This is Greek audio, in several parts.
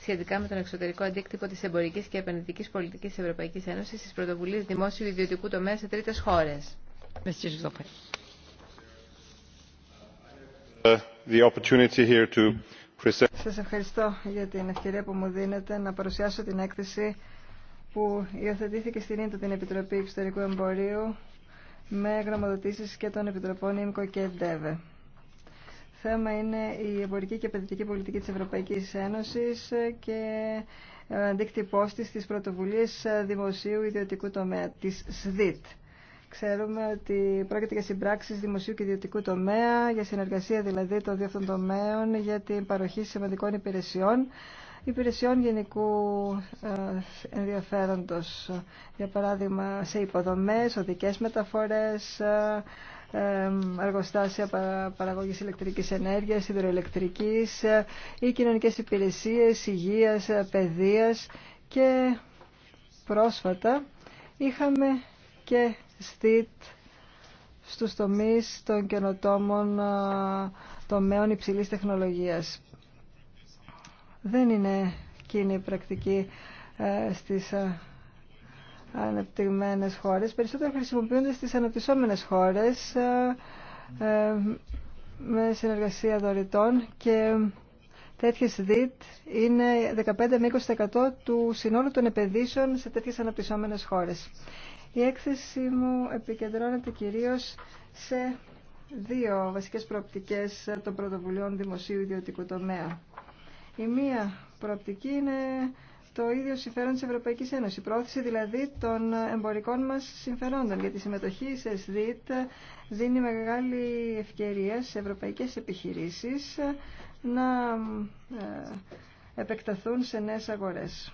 σχετικά με τον εξωτερικό αντίκτυπο τη εμπορική και επενδυτική πολιτική της Ευρωπαϊκής Ένωσης στις πρωτοβουλίες δημόσιου ιδιωτικού τομέα σε τρίτε χώρε. Σα ευχαριστώ για την ευκαιρία που μου δίνετε να παρουσιάσω την έκθεση που υιοθετήθηκε στην ίντα την Επιτροπή Εξωτερικού Εμπορίου με γραμματοτήσεις και των Επιτροπών ΙΜΚΟ και ΔΕΒΕ θέμα είναι η εμπορική και επενδυτική πολιτική της Ευρωπαϊκής Ένωσης και αντίκτυπός της στις πρωτοβουλίες δημοσίου ιδιωτικού τομέα, της ΣΔΙΤ. Ξέρουμε ότι πρόκειται για συμπράξεις δημοσίου και ιδιωτικού τομέα, για συνεργασία δηλαδή των δύο αυτών τομέων, για την παροχή σημαντικών υπηρεσιών, υπηρεσιών γενικού ε, ενδιαφέροντος. Για παράδειγμα, σε υποδομές, οδικές μεταφορές, εργοστάσια παραγωγής ηλεκτρικής ενέργειας, υδροελεκτρικής ή ε, κοινωνικές υπηρεσίες, υγείας, ε, παιδείας και πρόσφατα είχαμε και ΣΤΙΤ στους τομείς των καινοτόμων ε, τομέων υψηλής τεχνολογίας. Δεν είναι κοινή πρακτική στις αναπτυγμένες χώρες περισσότερο χρησιμοποιούνται στις αναπτυσσόμενες χώρες ε, ε, με συνεργασία δωρητών και τέτοιες ΔΙΤ είναι 15 με 20% του συνόλου των επενδύσεων σε τέτοιες αναπτυσσόμενες χώρες. Η έκθεση μου επικεντρώνεται κυρίως σε δύο βασικές προοπτικές των πρωτοβουλειών δημοσίου ιδιωτικού τομέα. Η μία προοπτική είναι το ίδιο συμφέρον της Ευρωπαϊκής Ένωσης. Η πρόθεση δηλαδή των εμπορικών μας συμφερόντων γιατί η συμμετοχή σε ΣΔΙΤ δίνει μεγάλη ευκαιρία σε ευρωπαϊκές επιχειρήσεις να ε, επεκταθούν σε νέες αγορές.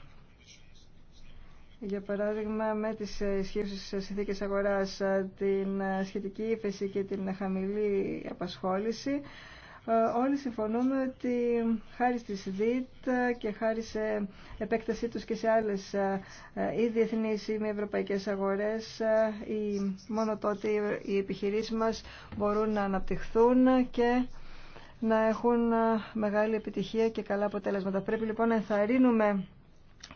Για παράδειγμα, με τις στις συνθήκες αγοράς, την σχετική ύφεση και την χαμηλή απασχόληση, ε, όλοι συμφωνούμε ότι χάρη στη ΣΔΙΤ και χάρη σε επέκτασή τους και σε άλλες ή ε, ε, διεθνείς ή με ευρωπαϊκές αγορές ή μόνο τότε οι επιχειρήσεις μας μπορούν να αναπτυχθούν και να έχουν μεγάλη επιτυχία και καλά αποτέλεσματα. Πρέπει λοιπόν να ενθαρρύνουμε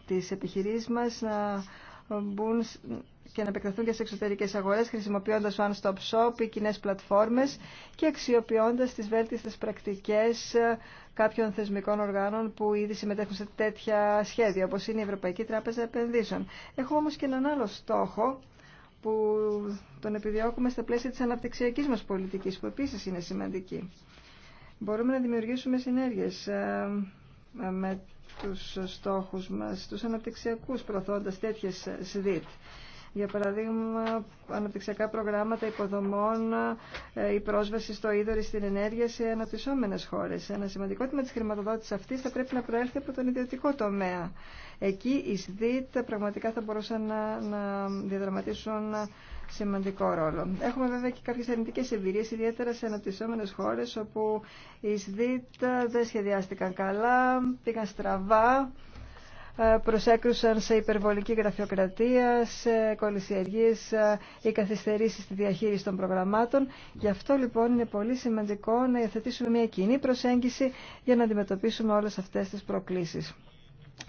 τις επιχειρήσεις μας να μπουν και να επεκταθούν και σε εξωτερικέ αγορέ, χρησιμοποιώντα χρησιμοποιώντας one-stop shop ή κοινέ πλατφόρμες και αξιοποιώντας τις βέλτιστες πρακτικές ε, κάποιων θεσμικών οργάνων που ήδη συμμετέχουν σε τέτοια σχέδια, όπως είναι η Ευρωπαϊκή Τράπεζα Επενδύσεων. Έχω όμω και αξιοποιωντα τι βελτιστες πρακτικε καποιων θεσμικων οργανων που ηδη συμμετεχουν σε τετοια σχεδια οπω ειναι η ευρωπαικη τραπεζα επενδυσεων εχω ομω και εναν αλλο στοχο που τον επιδιώκουμε στα πλαίσια τη αναπτυξιακή μα πολιτική που επίση είναι σημαντική. Μπορούμε να δημιουργήσουμε συνέργειε ε, με τους στόχους μας, τους αναπτυξιακούς, προωθώντας τέτοιες ΣΔΙΤ. Για παραδείγμα, αναπτυξιακά προγράμματα υποδομών, ε, η πρόσβαση στο είδωρη στην ενέργεια σε αναπτυσσόμενε χώρε. Ένα σημαντικό τμήμα τη χρηματοδότηση αυτή θα πρέπει να προέρχεται από τον ιδιωτικό τομέα. Εκεί οι ΣΔΙΤ πραγματικά θα μπορούσαν να, να διαδραματίσουν σημαντικό ρόλο. Έχουμε βέβαια και κάποιε αρνητικές εμπειρίες, ιδιαίτερα σε αναπτυσσόμενες χώρες, όπου οι ΣΔΙΤ δεν σχεδιάστηκαν καλά, πήγαν στραβά ε, προσέκρουσαν σε υπερβολική γραφειοκρατία, σε κολυσιεργίες ή ε, καθυστερήσεις στη διαχείριση των προγραμμάτων. Γι' αυτό λοιπόν είναι πολύ σημαντικό να υιοθετήσουμε μια κοινή προσέγγιση για να αντιμετωπίσουμε όλες αυτές τις προκλήσεις.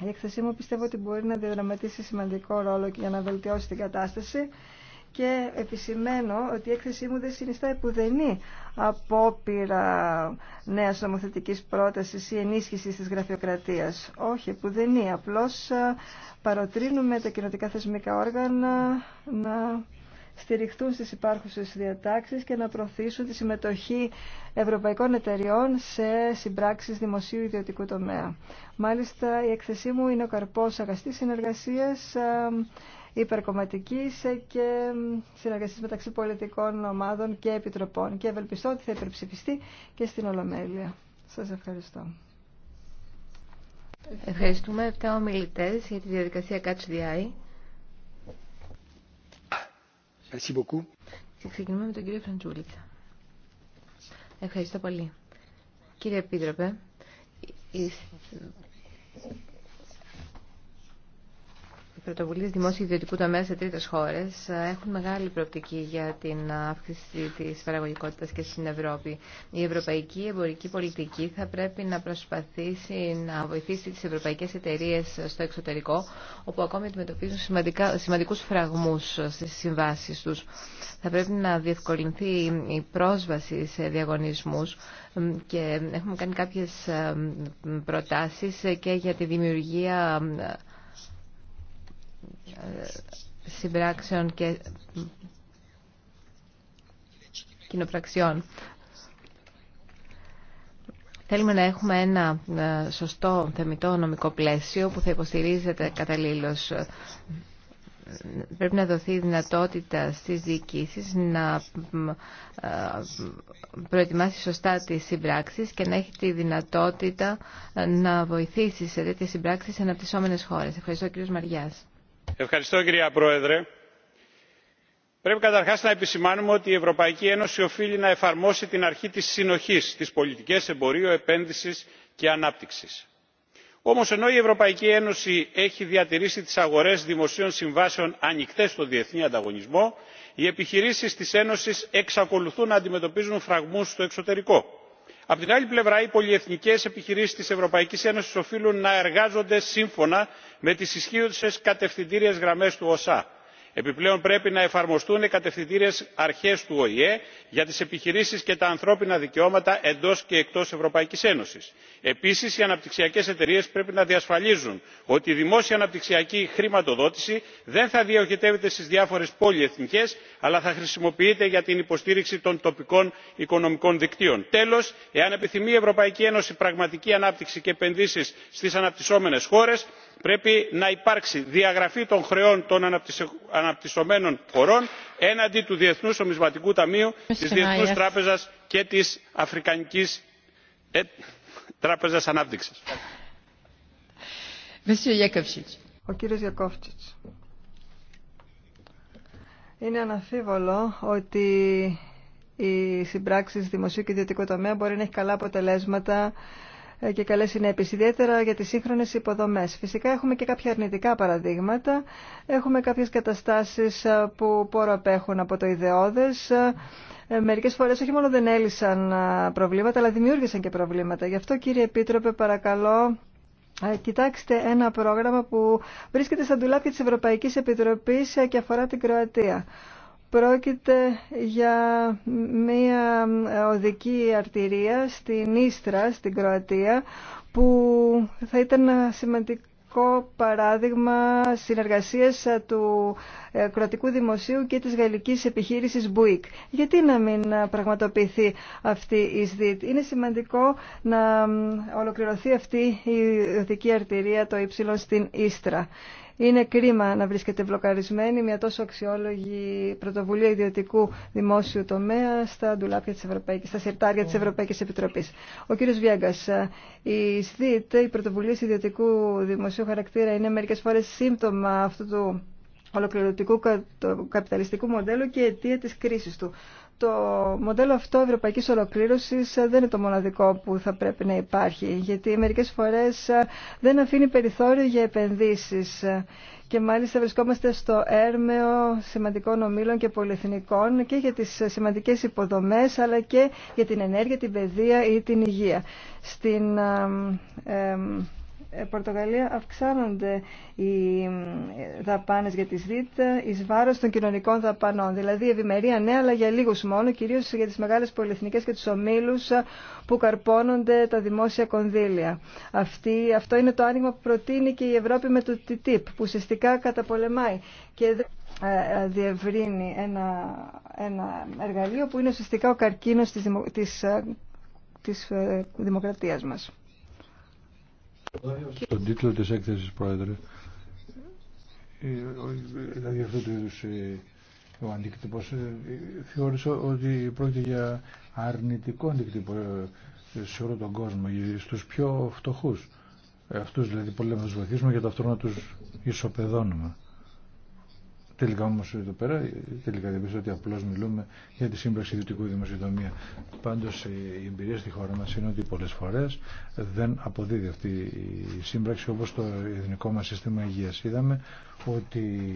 Η εκθεσή μου πιστεύω ότι μπορεί να διαδραματίσει σημαντικό ρόλο για να βελτιώσει την κατάσταση και επισημαίνω ότι η έκθεσή μου δεν συνιστά επουδενή απόπειρα νέας νομοθετικής πρότασης ή ενίσχυσης της γραφειοκρατίας. Όχι, επουδενή. Απλώς ε, παροτρύνουμε τα κοινοτικά θεσμικά όργανα να στηριχθούν στις υπάρχουσες διατάξεις και να προωθήσουν τη συμμετοχή ευρωπαϊκών εταιριών σε συμπράξεις δημοσίου ιδιωτικού τομέα. Μάλιστα, η έκθεσή μου είναι ο καρπός αγαστής συνεργασίας ε, υπερκομματικής και συνεργασία μεταξύ πολιτικών ομάδων και επιτροπών και ευελπιστώ ότι θα υπερψηφιστεί και στην Ολομέλεια. Σας ευχαριστώ. Ευχαριστούμε 7 ομιλητέ για τη διαδικασία Catch the Eye. ξεκινούμε με τον κύριο Φραντζούλητσα. Ευχαριστώ πολύ. Κύριε Επίτροπε, οι πρωτοβουλίε δημόσιου ιδιωτικού τομέα σε τρίτε χώρε ε, έχουν μεγάλη προοπτική για την αύξηση τη παραγωγικότητα και στην Ευρώπη. Η ευρωπαϊκή εμπορική πολιτική θα πρέπει να προσπαθήσει να βοηθήσει τι ευρωπαϊκέ εταιρείε στο εξωτερικό, όπου ακόμη αντιμετωπίζουν σημαντικού φραγμού στι συμβάσει του. Θα πρέπει να διευκολυνθεί η πρόσβαση σε διαγωνισμού και έχουμε κάνει κάποιε ε, προτάσει και για τη δημιουργία συμπράξεων και κοινοπραξιών. Θέλουμε να έχουμε ένα ε, σωστό θεμητό νομικό πλαίσιο που θα υποστηρίζεται καταλήλως. Πρέπει να δοθεί δυνατότητα στις διοικήσεις να ε, προετοιμάσει σωστά τις συμπράξεις και να έχει τη δυνατότητα να βοηθήσει σε τέτοιες συμπράξεις σε αναπτυσσόμενες χώρες. Ευχαριστώ κύριος Μαριάς. Ευχαριστώ κυρία Πρόεδρε. Πρέπει καταρχάς να επισημάνουμε ότι η Ευρωπαϊκή Ένωση οφείλει να εφαρμόσει την αρχή της συνοχής στις πολιτικές εμπορίου, επένδυσης και ανάπτυξης. Όμως ενώ η Ευρωπαϊκή Ένωση έχει διατηρήσει τις αγορές δημοσίων συμβάσεων ανοιχτές στο διεθνή ανταγωνισμό, οι επιχειρήσεις της Ένωσης εξακολουθούν να αντιμετωπίζουν φραγμούς στο εξωτερικό Απ' την άλλη πλευρά οι πολυεθνικές επιχειρήσεις της ευρωπαϊκής ένωσης οφείλουν να εργάζονται σύμφωνα με τις ισχύουσες κατευθυντήριες γραμμές του οσα επιπλέον πρέπει να εφαρμοστούν οι κατευθυντήριες αρχές του οηε για τις επιχειρήσεις και τα ανθρώπινα δικαιώματα εντός και εκτός ευρωπαϊκής ένωσης. επίσης οι αναπτυξιακές εταιρείες πρέπει να διασφαλίζουν ότι η δημόσια αναπτυξιακή χρηματοδότηση δεν θα διοχετεύεται στις διάφορες πολυεθνικές αλλά θα χρησιμοποιείται για την υποστήριξη των τοπικών οικονομικών δικτύων. τέλος εάν επιθυμεί η ευρωπαϊκή ένωση πραγματική ανάπτυξη και επενδύσεις στις αναπτυσσόμενες χώρες πρέπει να υπάρξει διαγραφή των χρεών των αναπτυσσομένων χωρών έναντι του διεθνούς νομισματικού ταμείου της διεθνούς τράπεζας και της αφρικανικής ε, τράπεζας ανάπτυξης. Ο κύριος είναι αναφίβολο ότι οι συμπράξεις δημοσίου και ιδιωτικού τομέα μπορεί να έχει καλά αποτελέσματα ε, και καλέ συνέπειε, ιδιαίτερα για τις σύγχρονες υποδομές. Φυσικά έχουμε και κάποια αρνητικά παραδείγματα. Έχουμε κάποιες καταστάσεις ε, που πόρο απέχουν από το ιδεώδες. Ε, μερικές φορές όχι μόνο δεν έλυσαν προβλήματα, αλλά δημιούργησαν και προβλήματα. Γι' αυτό, κύριε Επίτροπε, παρακαλώ κοιτάξτε ένα πρόγραμμα που βρίσκεται στα ντουλάπια της Ευρωπαϊκής Επιτροπής και αφορά την Κροατία. Πρόκειται για μία οδική αρτηρία στην Ίστρα, στην Κροατία, που θα ήταν σημαντικό παράδειγμα συνεργασίας του ε, κροατικού δημοσίου και της γαλλικής επιχείρησης Μπουίκ. Γιατί να μην πραγματοποιηθεί αυτή η ΣΔΙΤ. Είναι σημαντικό να ολοκληρωθεί αυτή η οδική αρτηρία το Ι στην Ίστρα. Είναι κρίμα να βρίσκεται βλοκαρισμένη μια τόσο αξιόλογη πρωτοβουλία ιδιωτικού δημόσιου τομέα στα ντουλάπια της Ευρωπαϊκής, στα σιρτάρια της Ευρωπαϊκής Επιτροπής. Ο κύριος Βιέγκας, ε, η ΣΔΙΤ, οι πρωτοβουλία ιδιωτικού δημοσίου χαρακτήρα είναι μερικές φορές σύμπτωμα αυτού του ολοκληρωτικού καπιταλιστικού μοντέλου και αιτία της κρίσης του το μοντέλο αυτό ευρωπαϊκής ολοκλήρωσης ε, δεν είναι το μοναδικό που θα πρέπει να υπάρχει, γιατί μερικές φορές ε, δεν αφήνει περιθώριο για επενδύσεις ε, και μάλιστα βρισκόμαστε στο έρμεο σημαντικών ομίλων και πολυεθνικών και για τις σημαντικές υποδομές αλλά και για την ενέργεια, την παιδεία ή την υγεία. Στην, ε, Πορτογαλία αυξάνονται οι ε, δαπάνες για τη ΔΙΤ ε, εις βάρος των κοινωνικών δαπανών. Δηλαδή ευημερία ναι, αλλά για λίγους μόνο, κυρίως για τις μεγάλες πολυεθνικές και τους ομίλους που καρπώνονται τα δημόσια κονδύλια. Αυτή, αυτό είναι το άνοιγμα που προτείνει και η Ευρώπη με το TTIP, που ουσιαστικά καταπολεμάει και διευρύνει ένα, ένα εργαλείο που είναι ουσιαστικά ο καρκίνος τη δημο, της, της δημοκρατίας μας. Στον τίτλο της έκθεσης, Πρόεδρε, ε, δηλαδή αυτού του είδους ε, ο αντίκτυπος, ε, θεώρησα ότι πρόκειται για αρνητικό αντίκτυπο σε όλο τον κόσμο, στους πιο φτωχούς. Αυτούς δηλαδή λέμε να βοηθήσουμε και ταυτόχρονα τους ισοπεδώνουμε. Τελικά όμω εδώ πέρα, τελικά δεν πιστεύω ότι απλώ μιλούμε για τη σύμπραξη ιδιωτικού δημοσιοδομία. Πάντω η εμπειρία στη χώρα μα είναι ότι πολλέ φορέ δεν αποδίδει αυτή η σύμπραξη όπω το εθνικό μα σύστημα υγεία. Είδαμε ότι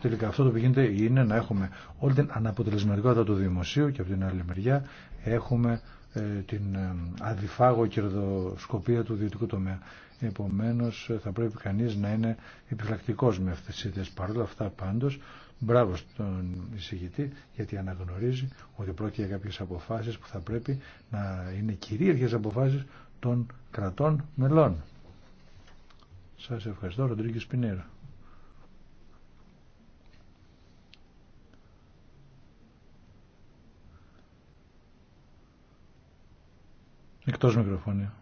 τελικά αυτό το που γίνεται είναι να έχουμε όλη την αναποτελεσματικότητα του δημοσίου και από την άλλη μεριά έχουμε ε, την ε, αδιφάγω κερδοσκοπία του ιδιωτικού τομέα. Επομένως ε, θα πρέπει κανείς να είναι επιφυλακτικό με αυτές τις ιδέες. Παρ' όλα αυτά πάντως, μπράβο στον εισηγητή γιατί αναγνωρίζει ότι πρόκειται για κάποιες αποφάσεις που θα πρέπει να είναι κυρίαρχες αποφάσεις των κρατών μελών. Σας ευχαριστώ, Ροντρίγκης Πινέρα. Εκτός μικροφώνου.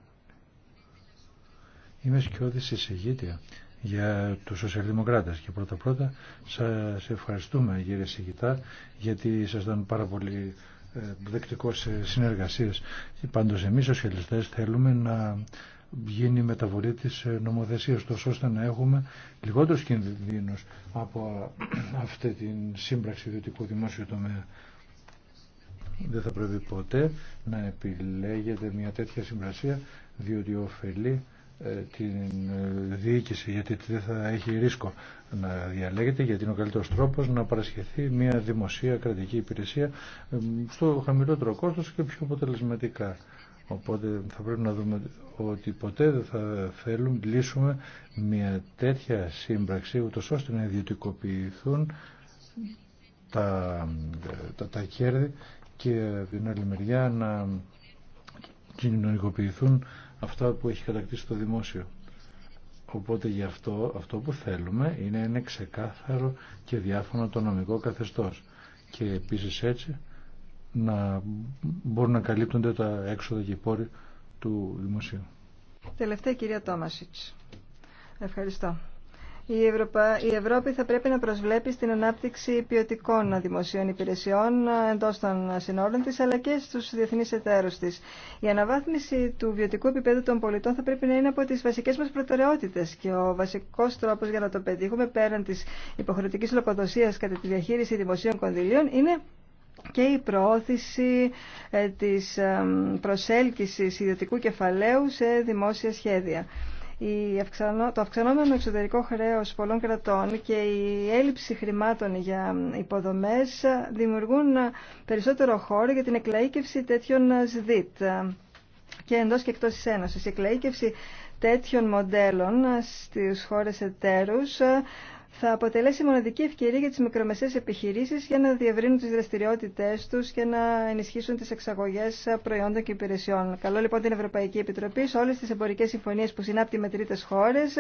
Είμαι σκιώδης εισηγήτρια για τους σοσιαλδημοκράτες και πρώτα πρώτα σας ευχαριστούμε κύριε Σιγητά γιατί ήσασταν πάρα πολύ ε, δεκτικό σε συνεργασίες. Πάντως εμείς σοσιαλιστές θέλουμε να γίνει η μεταβολή της ε, νομοθεσίας τόσο ώστε να έχουμε λιγότερους κινδύνους από ε, αυτή την σύμπραξη ιδιωτικού δημόσιου τομέα. Δεν θα πρέπει ποτέ να επιλέγεται μια τέτοια συμπρασία διότι ωφελεί ε, την ε, διοίκηση γιατί δεν θα έχει ρίσκο να διαλέγεται γιατί είναι ο καλύτερος τρόπος να παρασχεθεί μια δημοσία κρατική υπηρεσία ε, στο χαμηλότερο κόστος και πιο αποτελεσματικά. Οπότε θα πρέπει να δούμε ότι ποτέ δεν θα θέλουν λύσουμε μια τέτοια σύμπραξη ούτως ώστε να ιδιωτικοποιηθούν τα, τα, τα κέρδη και από την άλλη μεριά να κοινωνικοποιηθούν αυτά που έχει κατακτήσει το δημόσιο. Οπότε γι' αυτό, αυτό που θέλουμε είναι ένα ξεκάθαρο και διάφορο το νομικό καθεστώς. Και επίσης έτσι να μπορούν να καλύπτονται τα έξοδα και οι πόροι του δημοσίου. Τελευταία κυρία Τόμασιτς. Ευχαριστώ η, Ευρωπα... η Ευρώπη θα πρέπει να προσβλέπει στην ανάπτυξη ποιοτικών δημοσίων υπηρεσιών εντός των συνόρων της, αλλά και στου διεθνείς εταίρους τη. Η αναβάθμιση του βιωτικού επίπεδου των πολιτών θα πρέπει να είναι από τις βασικές μας προτεραιότητες και ο βασικός τρόπος για να το πετύχουμε πέραν της υποχρεωτικής λογοδοσία κατά τη διαχείριση δημοσίων κονδυλίων είναι και η προώθηση ε, της ε, προσέλκυσης ιδιωτικού κεφαλαίου σε δημόσια σχέδια το αυξανόμενο εξωτερικό χρέος πολλών κρατών και η έλλειψη χρημάτων για υποδομές δημιουργούν περισσότερο χώρο για την εκλαΐκευση τέτοιων ΣΔΙΤ και εντός και εκτός της Ένωσης. Η εκλαΐκευση τέτοιων μοντέλων στις χώρες εταίρους θα αποτελέσει μοναδική ευκαιρία για τις μικρομεσαίες επιχειρήσεις για να διευρύνουν τις δραστηριότητές τους και να ενισχύσουν τις εξαγωγές προϊόντων και υπηρεσιών. Καλό λοιπόν την Ευρωπαϊκή Επιτροπή σε όλες τις εμπορικές συμφωνίες που συνάπτει με τρίτες χώρες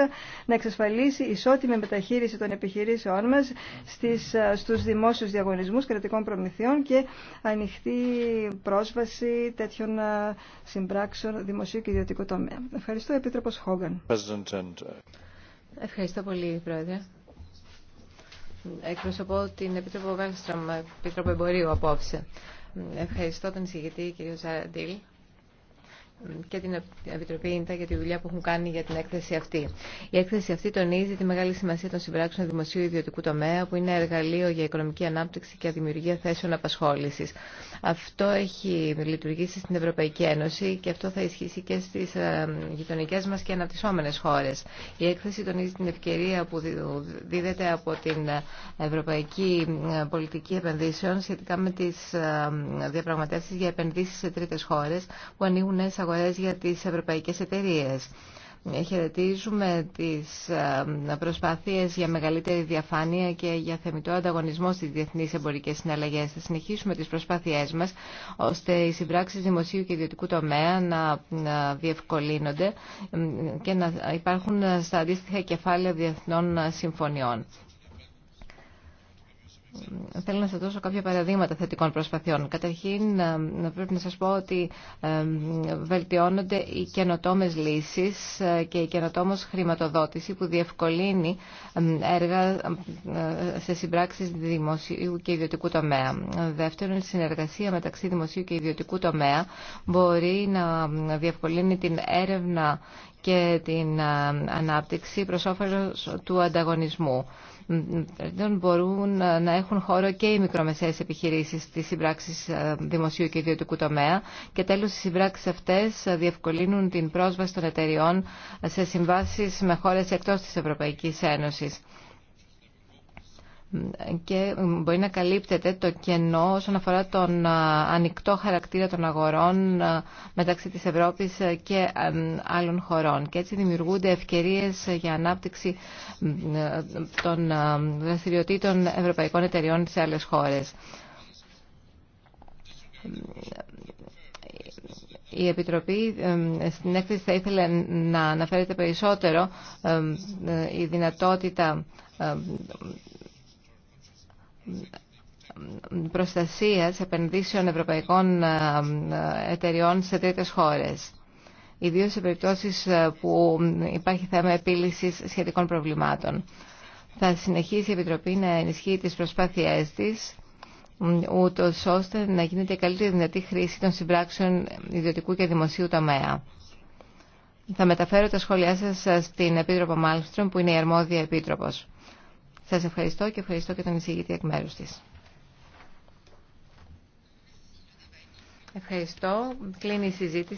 να εξασφαλίσει ισότιμη μεταχείριση των επιχειρήσεών μας στις, στους δημόσιους διαγωνισμούς κρατικών προμηθειών και ανοιχτή πρόσβαση τέτοιων συμπράξεων δημοσίου και ιδιωτικού τομέα. Ευχαριστώ, Επίτροπος Χόγκαν. Uh, Ευχαριστώ πολύ, Πρόεδρε. Εκπροσωπώ την Επίτροπο Βέλστρομ, Επίτροπο Εμπορίου απόψε. Ευχαριστώ τον εισηγητή κ. Ζαραντήλ και την Επιτροπή ΙΝΤΑ για τη δουλειά που έχουν κάνει για την έκθεση αυτή. Η έκθεση αυτή τονίζει τη μεγάλη σημασία των συμπράξεων δημοσίου ιδιωτικού τομέα, που είναι εργαλείο για οικονομική ανάπτυξη και δημιουργία θέσεων απασχόληση. Αυτό έχει λειτουργήσει στην Ευρωπαϊκή Ένωση και αυτό θα ισχύσει και στι ε, γειτονικέ μα και αναπτυσσόμενε χώρε. Η έκθεση τονίζει την ευκαιρία που δίδεται από την Ευρωπαϊκή ε, Πολιτική Επενδύσεων σχετικά με τι ε, διαπραγματεύσει για επενδύσει σε τρίτε χώρε που ανοίγουν νέε αγορές για τις ευρωπαϊκές εταιρείες. Χαιρετίζουμε τις ε, προσπάθειες για μεγαλύτερη διαφάνεια και για θεμητό ανταγωνισμό στις διεθνείς εμπορικές συναλλαγές. Θα συνεχίσουμε τις προσπάθειές μας ώστε οι συμπράξεις δημοσίου και ιδιωτικού τομέα να διευκολύνονται ε, και να υπάρχουν στα αντίστοιχα κεφάλαια διεθνών συμφωνιών. Θέλω να σας δώσω κάποια παραδείγματα θετικών προσπαθειών. Καταρχήν, ε, πρέπει να σας πω ότι ε, βελτιώνονται οι καινοτόμες λύσεις ε, και η καινοτόμος χρηματοδότηση που διευκολύνει έργα σε συμπράξεις δημοσίου και ιδιωτικού τομέα. Δεύτερον, η συνεργασία μεταξύ δημοσίου και ιδιωτικού τομέα μπορεί να διευκολύνει την έρευνα και την ανάπτυξη προς όφελος του ανταγωνισμού δεν μπορούν να έχουν χώρο και οι μικρομεσαίες επιχειρήσεις στις συμπράξεις ε, δημοσίου και ιδιωτικού τομέα και τέλος οι συμπράξεις αυτές διευκολύνουν την πρόσβαση των εταιριών σε συμβάσεις με χώρες εκτός της Ευρωπαϊκής Ένωσης και μπορεί να καλύπτεται το κενό όσον αφορά τον ανοιχτό χαρακτήρα των αγορών μεταξύ της Ευρώπης και άλλων χωρών. Και έτσι δημιουργούνται ευκαιρίες για ανάπτυξη των δραστηριοτήτων ευρωπαϊκών εταιριών σε άλλες χώρες. Η Επιτροπή ε, στην έκθεση θα ήθελε να αναφέρεται περισσότερο ε, ε, η δυνατότητα προστασίας επενδύσεων ευρωπαϊκών ε, ε, εταιριών σε τρίτες χώρες. Ιδίως σε περιπτώσεις ε, που υπάρχει θέμα επίλυσης σχετικών προβλημάτων. Θα συνεχίσει η Επιτροπή να ενισχύει τις προσπάθειές της ούτω ώστε να γίνεται η καλύτερη δυνατή χρήση των συμπράξεων ιδιωτικού και δημοσίου τομέα. Θα μεταφέρω τα σχόλιά σας στην Επίτροπο Μάλστρομ που είναι η αρμόδια Επίτροπος. Σας ευχαριστώ και ευχαριστώ και τον εισηγητή εκ μέρους της. Ευχαριστώ. Κλείνει η συζήτηση.